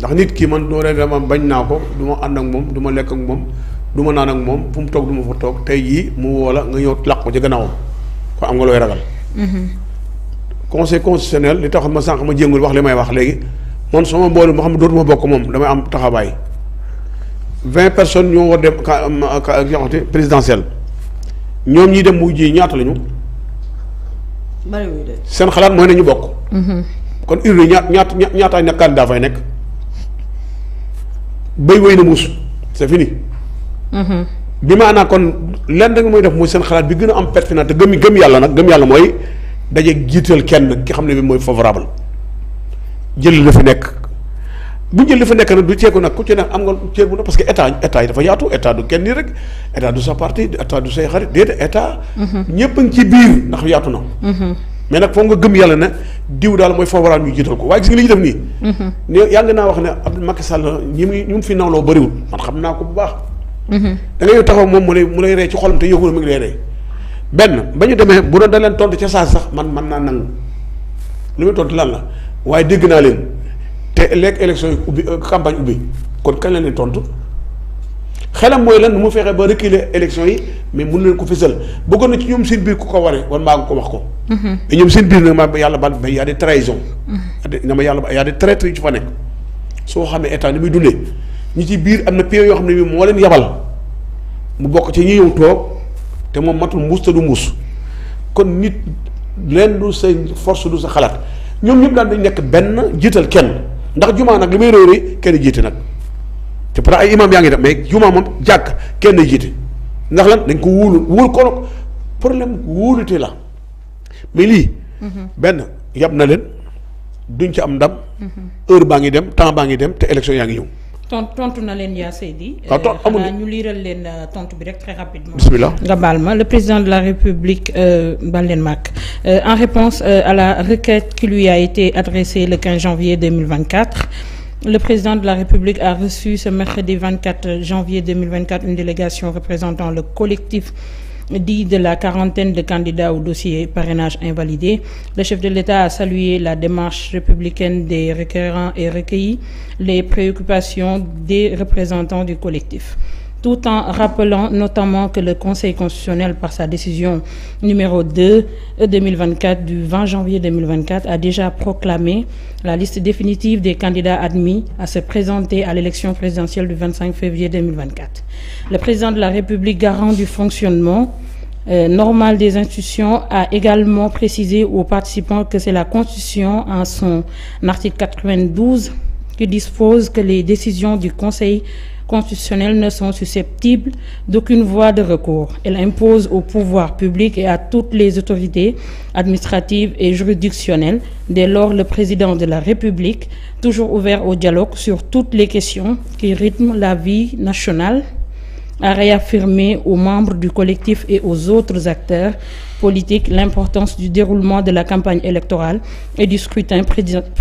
ndax nit kii man doo leen ma bañ naa ko du ma ànd ak moom du ma lekk ak moom du ma naan ak moom fu mu toog du ma fa toog tey jii mu woo nga ñëw làq ci gannaawam ko am nga looy ragal. Mm-hmm. conseil constitutionnel li taxoon ma sànq ma jéngul wax li may wax léegi man sama mbooloo ma xam ne dootuma bokk moom damay am taxawaay vingt personnes ñoo war dem ka présidentielle ñoom ñi dem mu ji ñaata lañu. seen xalaat mooy nañu bokk. Mm-hmm. kon urne ñaat ñaat ñaataay nekk candidat fay nekk. béy wéy na muus c'est fini. Mm-hmm. bi maanaa kon lenn rek mooy def mooy seen xalaat bi gën a am pertinent te gëm gëm yàlla nag gëm yàlla mooy daje jiital kenn ki xam ne bi mooy favorable jël la fi nekk bu jël li fa nekk nag du ceeku nag ku ci nekk am nga ceeb bu na parce que état état dafa yaatu état du kenn nii rek état du sa parti état du say xarit déedéet état. Mm-hmm. ñëpp a ngi ci biir ndax yaatu na. Mm-hmm. mais nag foog nga gëm yàlla ne diw daal mooy favorable ñu jiital ko waaye gis nga li ñu nii. Mhm. ne yàgg naa wax ne Abdou Macky Sall ñi muy ñi mu fi nawloo bëriwul man xam naa ko bu baax. Mhm. da ngay moom mu lay lay rey ci xolam te yëngu na mu ngi lay rey benn ba ñu demee bu doon da leen tontu ca saa sax man man naa nangu lu muy tontu lan la waaye dégg naa leen te lekk élection yi ubbi euh, campagne ubbi kon kañ la leen tontu xelam mooy lan mu fexee ba reculer élection yi. mais mun leen ko fësal bëggoon na ci ñoom seen biir ku ko waree wan maa ngi ko wax ko. mais ñoom seen biir nag maa yàlla baal mais y a des trahisons. na mm-hmm. ma yàlla y a des traîtres yu ci fa nekk soo xamee état ni muy dundee ñi ci biir am na pays yoo xam ne bii moo leen yabal mu bokk ci ñi yow toog te moom matul mbuus te du mbuus kon nit leen du sa force du sa xalaat ñoom ñëpp daal dañ nekk benn jiital kenn ndax jumaa nag li may réeréer kenn jiite nag te par ay imam yaa ngi def mais jumaa moom jàkk kenn jiite. ndax lan dañ ko wóolul wóol ko problème wóolute la mais lii. benn yab na leen duñ ci am ndam. heure baa ngi dem temps baa ngi dem te élection yaa ngi ñëw. tontu na leen yaa Seydi. Ah, euh, xanaa ñu liiral leen euh, tontu bi rek très rapidement. bismillah nga baal ma le président de la République euh, baal leen màkk en réponse à la requête qui lui a été adressée le 15 janvier 2024 Le président de la République a reçu ce mercredi 24 janvier 2024 une délégation représentant le collectif dit de la quarantaine de candidats au dossier parrainage invalidé. Le de l'État a salué la démarche républicaine des requérants et recueilli les préoccupations des représentants du collectif. tout en rappelant notamment que le Conseil constitutionnel, par sa décision numéro 2 2024 euh, du 20 janvier 2024, a déjà proclamé la liste définitive des candidats admis à se présenter à l'élection présidentielle du 25 février 2024. Le président de la République, garant du fonctionnement euh, normal des institutions, a également précisé aux participants que c'est la Constitution, en son article 92, qui dispose que les décisions du Conseil constitutionnels ne sont susceptibles d'aucune voie de recours. Elle impose au pouvoir public et à toutes les autorités administratives et juridictionnelles, dès lors le président de la République, toujours ouvert au dialogue sur toutes les questions qui rythment la vie nationale, a réaffirmé aux membres du collectif et aux autres acteurs politiques l'importance du déroulement de la campagne électorale et du scrutin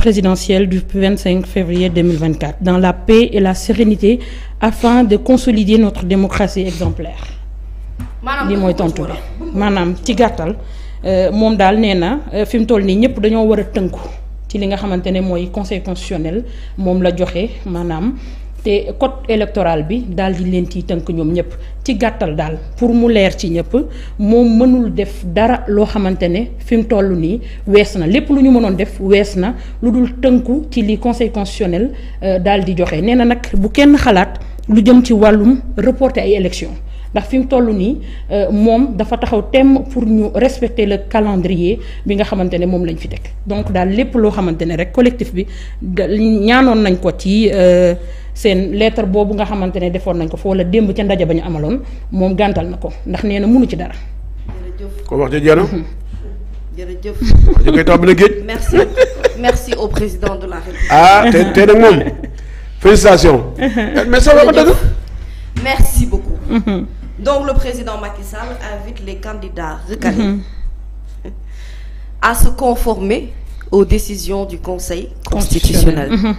présidentiel du 25 février 2024 dans la paix et la sérénité afin de consolider notre démocratie exemplaire. li mooy tontu bi maanaam ci gàttal euh, moom daal nee na euh, fi mu toll nii ñëpp dañoo war a tënku ci li nga xamante ne mooy conseil constitutionnel moom la joxe maanaam. te code électoral bi daal di leen ciy tënk ñoom ñëpp ci gàttal daal pour mu leer ci ñëpp moom mënul def dara loo xamante ne fi mu toll nii wees na lépp lu ñu mënoon def wees na lu dul tënku ci li conseil constitutionnel euh, daal di joxe nee na nag bu kenn xalaat lu jëm ci wàllum reporter ay élections. ndax fi mu toll nii euh, moom dafa taxaw temm pour ñu respecter le calendrier bi nga xamante ne moom lañ fi teg donc daal lépp loo xamante ne rek collectif bi ñaanoon nañ ko ci euh, seen lettre boobu nga xamante ne defoon nañ ko fa démb ca ndaje ba ñu amaloon moom gàntal na ko ndax nee na mënu ci dara. ko wax ja jana mhm. jërëjëf da ngay tàmbali géej. merci au président de la République. ah mhm. nag moom félicitations. Mhm. merci beaucoup. donc le président Macky Sall invite les candidats recalés mm -hmm. à se conformer aux décisions du Conseil constitutionnel. Mhm.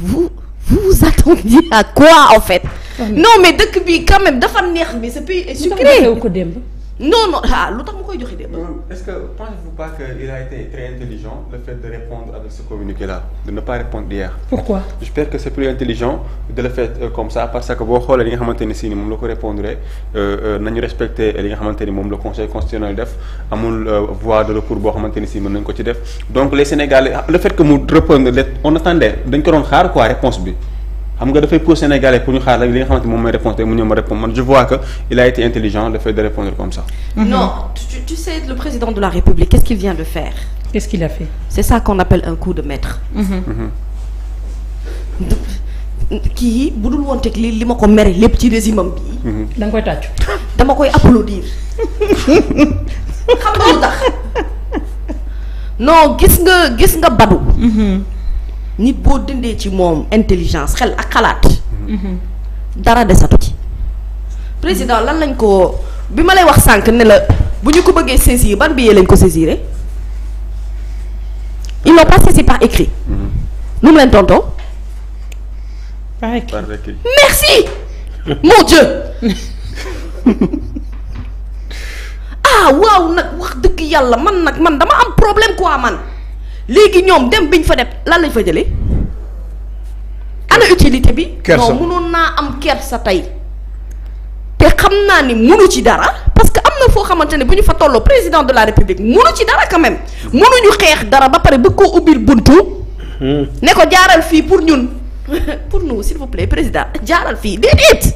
vous vous attendiez à quoi en fait. non mais dëkk bi quand même dafa neex mais ce pays est sucré. non non ah lu tax mu koy joxe démb. Euh, est pensez-vous pas que il a été très intelligent le fait de répondre avec ce communiqué là de ne pas répondre hier. pourquoi. j'espère que c'est plus intelligent de le faire euh, comme ça parce que boo xoolee li nga xamante ni si ni moom la ko répondre euh, nañu respecter li nga xamante ni moom la conseil constitutionnel def amul voie de recours boo xamante ni si mën nañu ko ci def donc les Sénégalais ah, le fait que mu répondre xaar quoi réponse bi. xam nga dafay pour sénégalais pour ñu xaar rek li nga xamante moom mooy répondre te mu ñëw ma répondre man je vois que il a été intelligent le fait de répondre comme ça. Mm-hmm. non tu tu sais le président de la république qu'est-ce qu'il vient de faire. qu'est-ce qu'il a fait. c'est ça qu'on appelle un coup de maître. Mm-hmm. Mm-hmm. kii bu dul woon li ma ko mere lépp ci bi da koy tàccu. dama koy applaudir xam nga lu tax non gis nga gis nga badu. nit boo dindee ci moom intelligence xel ak xalaat. dara desatu ci. président lan lañ ko bi ma lay wax sànq ne la bu ñu ko bëggee saisir ban bi billet lañ ko saisir ils l'ont pas saisi par écrit. Mm-hmm. nu tontoo. merci. mon Dieu. ah waaw nag wax dëgg yàlla man nag man dama am problème quoi man. léegi ñoom dem biñ fa def lan lañ fa jëlee ana utilité bi non mënoon naa am kersa tey te xam naa ni munu ci dara parce que am na foo xamante ne bu ñu fa tolloo président de la république munu ci dara quand même munuñu xeex dara ba pare bëgg koo ubbil buntu hmm. ne ko jaaral fii pour ñun pour nous s'il vous plaît président jaaral fii déedéet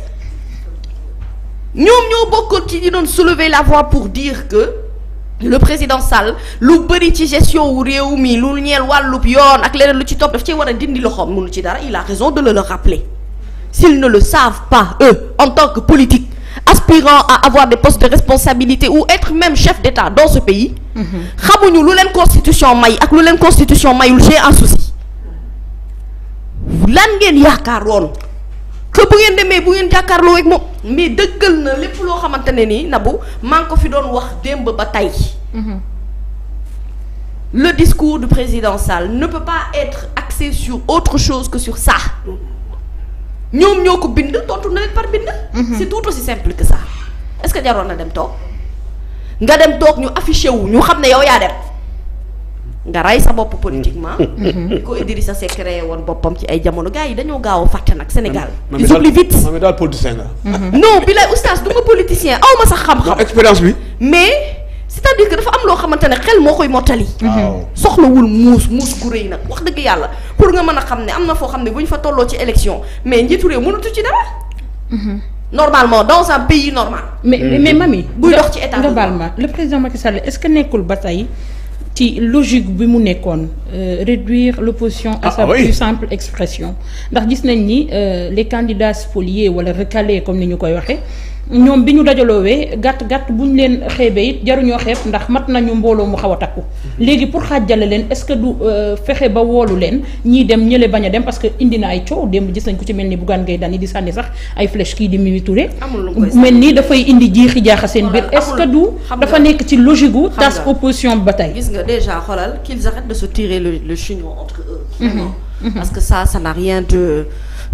ñoom ñoo bokkoon ci ñi doon soulever la voix pour dire que le président Sall lu bëri ci gestion wu réew mi lu ñeel wàllub yoon ak leneen lu ci topp daf ci war a dindi loxoom mënu ci dara il a raison de le le rappeler s'ils ne le savent pas eux en tant que politique aspirant à avoir des postes de responsabilité ou être même chef d'État dans ce pays xamuñu lu leen constitution may ak lu leen constitution mayul j'ai un souci lan ngeen yaakaaroon que bu ngeen demee bu ngeen jàkkaarloo ak moom mais dëggal na lépp loo xamante ne nii bu maa ngi ko fi doon wax démb ba tey. Mhm. le discours du président Sall ne peut pas être axé sur autre chose que sur saa ñoom ñoo ko bind tontu na leen par bind. Mhm. c'est tout aussi simple que ça. est-ce que jaroon na dem toog nga dem toog ñu affiché wu ñu xam ne yow yaa dem. nga rey sa bopp politiquement. di mm-hmm. mm-hmm. ko Idrissa Seck créé boppam ci ay jamono gaa yi dañoo gaaw a fàtte nag Sénégal. ils oublient vite man mi daal politicien nga. Mm-hmm. sax xam-xam. expérience bi. mais. cest dire que dafa am loo xamante ne xel moo koy mottali. soxlawul muus muus gu rëy nag wax dëgg yàlla pour nga mën a xam ne am na foo xam ne bu ñu fa tolloo ci élection mais njiitu réew mënatu ci dara. normalement dans un pays normal. mais mami. buy dox ci état globalement le président Macky Sall que nekkul ba tey ci logique bi mu nekkoon euh, réduire l'opposition à ah, sa plus simple expression ndax gis nañ ni euh, les candidats spoliés wala recalés comme ni ñu koy waxee ñoom bi ñu dajaloowee gàtt gàtt bu ñu leen xeebee it jaruñoo xeeb ndax mat nañu mbooloo mu xaw a takku léegi pour xaajale leen est-ce que du euh, fexe ba woolu leen ñii dem ñële bañ a dem parce que indi na ay coow démb gis ko ci mel ni Bougane Gueye Dany di sànni sax ay flèche kii di Mimi Touré mel nii dafay indi jiixi jaaxa seen biir est-ce que du dafa nekk ci logique gu tas opposition ba tey gis nga déjà xoolal qu'ils arrêtent de se tirer le chignon entre eux mm-hmm. Mm-hmm. parce que ça ça n'a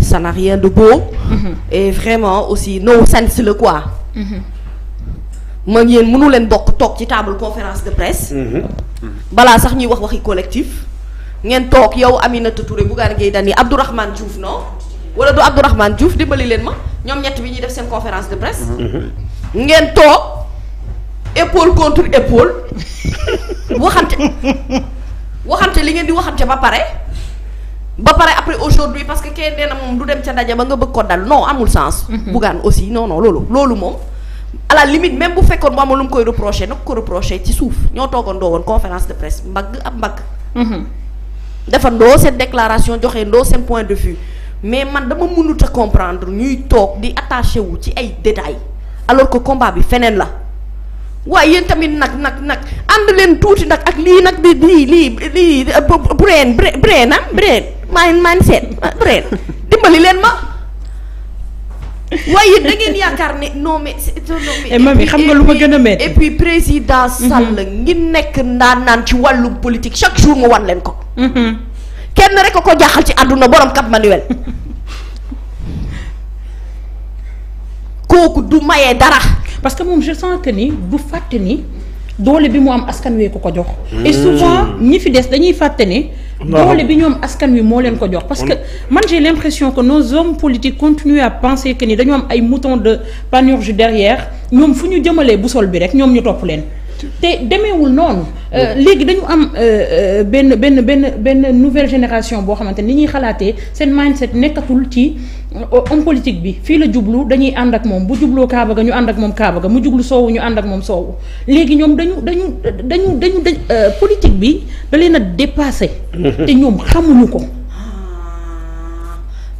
ça n'a rien de beau. Mm -hmm. et vraiment aussi no sense la quoi. Mm-hmm. ma ngeen mënu leen bokk toog ci table conférence de presse. Mm-hmm. Mm-hmm. balaa sax ñuy wax waxi collectif. ngeen toog yow Aminata Touré Bougane Gueye Dany Abdourahmane Diouf non wala du Abdourahmane Diouf dimbali leen ma ñoom ñett bi ñuy def seen conférence de presse. ngeen toog épaule contre épaule waxante waxante li ngeen di waxante ba pare. ba pare après aujourd'hui parce que kenn nee na moom du dem ca ndaje ba nga bëgg ko dal non amul sens. Mhm. Bougane aussi non loolu loolu moom. à la limite même bu fekkoon mu amul lu mu koy reproché na ko reproché ci suuf ñoo toogandoo woon conférence de presse mbagg ab mbagg. Mhm. defandoo seen déclaration joxe ndoo seen point de vue mais man dama mënut a comprendre ñuy toog di attaché wu ci ay détails alors que combat bi feneen la waaye yéen tamit nag nag nag ànd leen tuuti nag ak lii nag di lii lii lii euh, breen breen breen ah maay maa ngi seet dimbali leen ma waaye da yaakaar ne non mais non eh, xam nga lu ma gën a métti et président mhm. Sall ngi nekk ndaanaan ci wàllum politique chaque jour nga wan leen ko mhm. kenn rek a ko jaaxal ci àdduna borom Cap Manuel kooku du mayee dara parce que moom je sens ni du fàtte ni doole bi mu am askan wee ko ko jox et mm. souvent ñi fi des dañuy fàtte ne doole bi ñoom askan wi moo leen ko jox parce que man j'ai l'impression que nos hommes politiques continuent à penser que ni dañoo am ay moutons de panurge derrière ñoom fu ñu jëmalee bu sol bi rek ñoom ñu topp leen te demeewul noonu. Euh, léegi dañu am euh, euh, benn benn benn benn nouvelle génération boo xamante ni ñuy xalaatee seen mindset nekkatul ci homme politique bi fii la jublu dañuy ànd ak moom bu jubloo Kaaba ga ñu ànd ak moom Kaaba ga mu jublu soowu ñu ànd ak moom soowu léegi ñoom dañu dañu dañu dañu politique bi da leen dépasé dépassé. te ñoom xamuñu ko.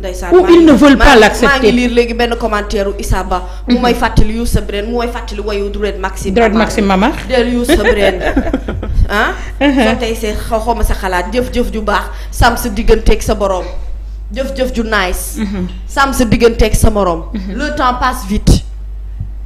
ndeysaan ou ils ne veulent maa ngi lire léegi benn commentaire u Issa Ba mhm. mu may fàttali Youssou Brène mu may fàttali wayu Dred Maxime Dred Maxime Mama del Youssou Brène ah uh-huh. soo tey see xaw ma sa xalaat jëf-jëf ju baax sàmm sa digganteeg sa boroom jëf-jëf ju nice sàmm sa digganteeg sa moroom mhm. le temps passe vite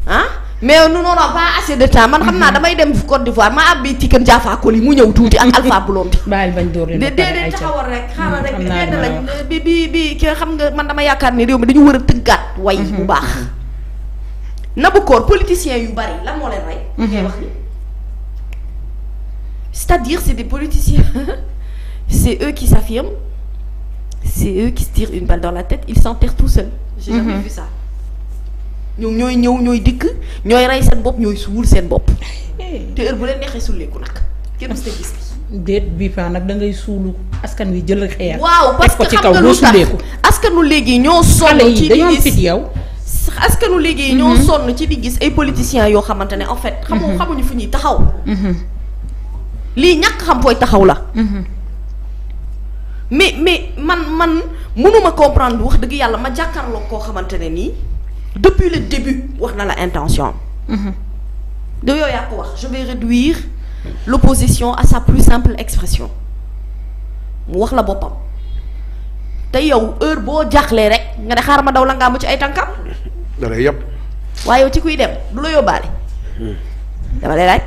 ah? mais nous on n'a pas assez man xam naa mhm. damay dem Côte d'Ivoire ma ab bi ci kën Jaafa mu ñëw tuuti ak Alpha Blondy. baal bañ dóor leen déedéet taxawal rek. xaaral rek benn mm, lañ bi bi bi xam nga man dama yaakaar ni réew mi dañu war a tëggaat. way bu mhm, baax. Mhm. nabu koor politiciens yu bari lan moo leen rey. ngay wax ni c'est-à-dire c'est des politiciens c'est eux qui s'affirment c'est eux qui se tirent une balle dans la tête ils s'enterrent tout seuls. ñoom ñooy ñëw ñooy dikk ñooy rey seen bopp ñooy suul seen bopp eh. te heure bu leen neexee sulleeku nag kenn mës ta gis déet bii fa nag da ngay suulu askan wi jël xeer. waaw parce que xam nga lu tax askanu léegi ñoo sonn ci di gis fit yow. askanu léegi mm-hmm. ñoo sonn ci di gis ay politiciens yoo xamante ne en fait. xamu mm-hmm. xamuñu fu ñuy taxaw. Mm-hmm. lii ñàkk xam fooy taxaw la. mais mais man man mënuma comprendre wax dëgg yàlla ma jàkkaarloo koo xamante ne nii. depuis le début wax na la intention mhm. de yow yaa ko wax je vais réduire l'opposition à sa plus simple expression mu wax la boppam te yow heure boo jaaxlee rek nga ne xaar ma daw la ngaa mu ci ay tànkam. da lay waaye yow ci kuy dem du la yóbbaale. Hmm. dama lay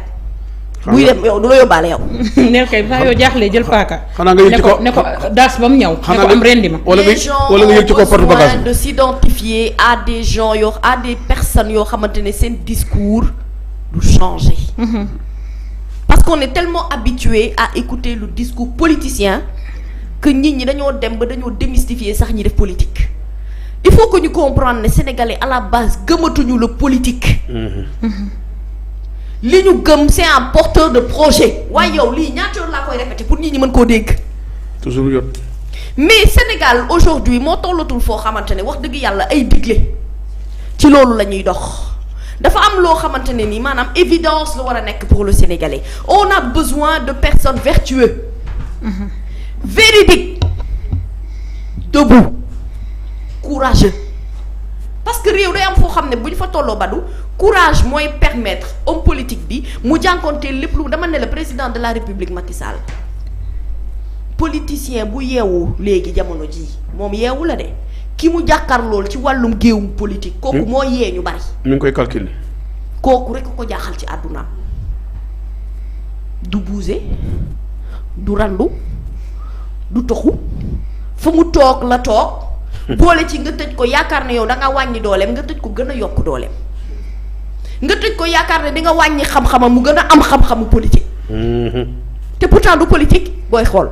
buy dem yow du la yóbbaale yow. ne kay ba yow jaaxle jël paaka. xanaa nga yëg ci ko ne ko daas ba mu ñaw. xanaa ne ko am rendi ma. wala nga wala nga yëg ci ko porte bagage de s'identifier à des gens yoo à des personnes yoo xamante ne seen discours du changer. Mhm. parce qu'on est tellement habitué à écouter lu discours politicien que nit ñi dañoo dem ba dañoo démystifier sax ñi def politique. il faut que ñu comprendre ne sénégalais à la base gëmatuñu la politique. Mhm. Mhm. li ñu gëm c'est un porteur de projet waaye yow lii ñaata yoon laa koy répété pour nit ñi mën koo dégg. toujours jot. mais Sénégal aujourd'hui moo tollatul foo xamante ne wax dëgg yàlla ay digle ci loolu la ñuy dox dafa am loo xamante ne nii maanaam évidence la war a nekk pour le Sénégalais on a besoin de personnes vertueuses mm-hmm. véridiques debout courageux parce que réew day am foo xam ne bu ñu fa tolloo badu courage mooy permettre homme politique bi mu jànkoonte lépp lu dama ne la président de la république Macky Sall politicien bu yeewu léegi jamono ji moom yeewu la de ki mu jàkkaar lool ci wàllum géewum politique. kooku hmm? moo yee ñu bari. mi ngi koy calculer. kooku rekk ko jaaxal ci àdduna du buuse du randu du toxu fu mu toog la toog. boole ci nga tëj ko yaakaar ne yow da nga wàññi dooleem nga tëj ko gën a yokk dooleem. nga tëj ko yaakaar ne di nga wàññi xam-xamam mu gën a am xam-xamu politique. Mhm. te pourtant du politique booy xool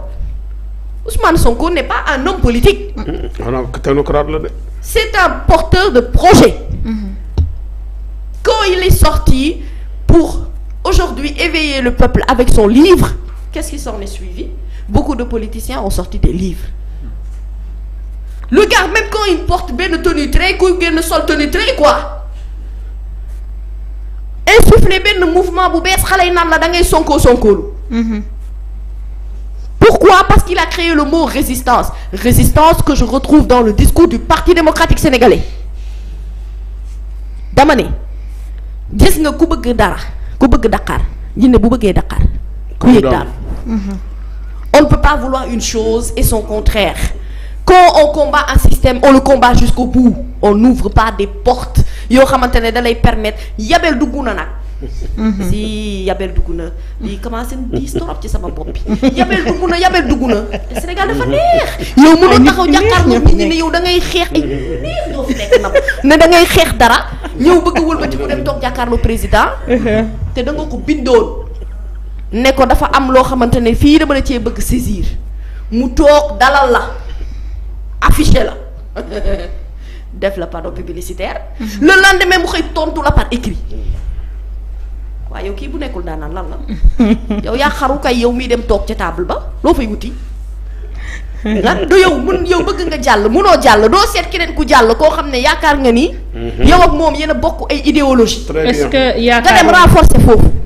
Ousmane Sonko n'est pas un homme politique. maanaam mhm. technocrate la de. c'est un porteur de projet. Mhm. quand il est sorti pour aujourd'hui éveiller le peuple avec son livre qu'est-ce qui s'en est suivi beaucoup de politiciens ont sorti des livres. le gars même quand il porte benn tenue très ku génn sol tenue très quoi. insuffler benn mouvement bu bees xale naan la da ngay sonkoo sonkoolu mhm. pourquoi parce qu'il a créé le mot résistance résistance que je retrouve dans le discours du parti démocratique sénégalais dama ne gis nga ku bëgg dara ku bëgg Dakar jinne bu bëggee Dakar ku yëg daal mhm. on ne peut pas vouloir une chose et son contraire quand on combat un système on le combat jusqu'au bout on n'ouvre pas des portes yoo xamante ne da lay permettre yabel dugg na nag. Mhm. si yabel dugg na lii commencé diis torop ci sama bopp bi yabel dugg na yabel dugg na te Sénégal dafa neex yow ah, mënoo taxaw jàkkaarloo nit ñi ne yow da ngay xeex ay ne da xeex dara ñëw bëgg wëlbati mu dem toog jàkkaarloo président uh-huh. te da ko bindoon ne ko dafa am loo xamante ne fii dama la cee bëgg saisir mu toog dalal la affiché la def la panneau publicitaire. Mhm. le lendemain mu xëy tontu la par écrit. waaw yow kii bu nekkul daanaan lan la. yow yaa xaru yow muy dem toog ca table ba loo fay wuti. lan du yow mun yow bëgg nga jàll munoo jàll doo seet keneen ku jàll koo xam ne yaakaar nga ni. Mhm. yow ak moom yéen a bokk ay idéologie. très que yaakaaroon nga dem renforcer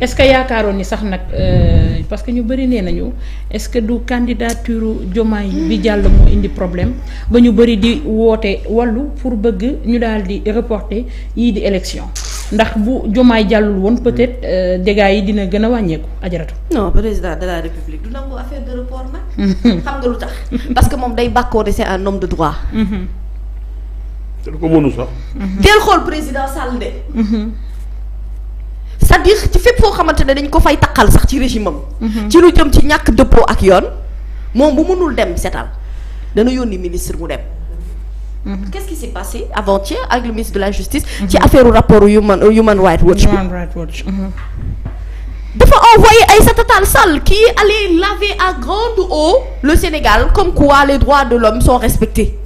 ce que yaakaaroon ni sax nag euh, parce que ñu bëri nee nañu est-ce que du candidature Diomaye bi jàll moo indi problème ba ñu bëri di wootee wallu pour bëgg ñu daal di reporter yii di élection. ndax bu jomaay jàllul woon peut-être euh, yi dina gën a wàññeeku ajaratu. non président de la république du nangu affaire de report nag. Mhm. xam nga lu tax. parce que moom day bàkkoo de c'est un de droit. Mhm. dina ko mënu sax. Mhm. del xool président Sall de. c'est-à-dire ci fépp foo xamante ne dañ ko fay taqal sax ci régime am. ci lu jëm ci ñàkk dëppoo ak yoon moom bu mënul dem setal dana yónni ministre mu dem. Mm-hmm. qu'est-ce qui s'est passé avant-hier avec le ministre de la justice. ci mm-hmm. affaire rapport Human Human Rights Watch. Human Rights Watch. Mm-hmm. dafa envoyé Aïssata Tall Sall qui allait laver à grande eau le Sénégal comme quoi les droits de l'homme sont respectés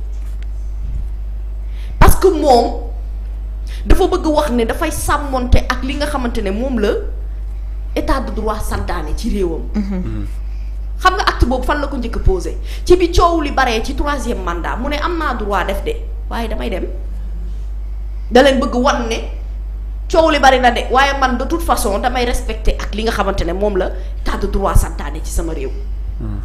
parce que moom dafa bëgg wax ne dafay sàmmonte ak li nga xamante ne moom la état de droit santaane ci réewam. xam nga acte boobu fan la ko njëkk posé ci bi coow li baree ci troisième mandat mu ne am naa droit def de waaye damay dem da leen bëgg wan ne coow li bari na de waaye man de toute façon damay respecté ak li nga xamante ne moom la tas de droit santaane ci sama réew. Hmm.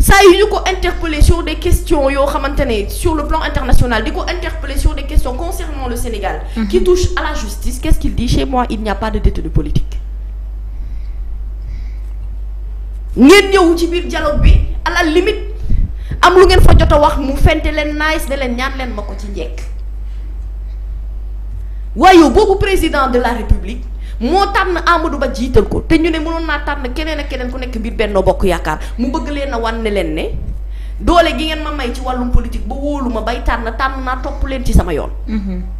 saa yu ñu ko interpellé sur des questions yoo xamante ne sur le plan international di ko interpellé sur des questions concernant le Sénégal. Hmm. qui touche à la justice qu'est-ce qu'il dit chez a pas de détenu ngeen ñëw ci biir dialogue bi à la am lu ngeen fa jot a wax mu fente leen nice ne leen ñaan leen ma ko ci njekk waaye boobu président de la république moo tànn Amadou Ba jiital ko te ñu ne mënoon naa tànn keneen ak keneen ku nekk biir Benno Bokk Yaakaar mu bëgg leen a wan ne leen ne doole gi ngeen ma may ci wàllum politique ba wóolu ma bay tànn tànn naa topp leen ci sama yoon. Mm-hmm.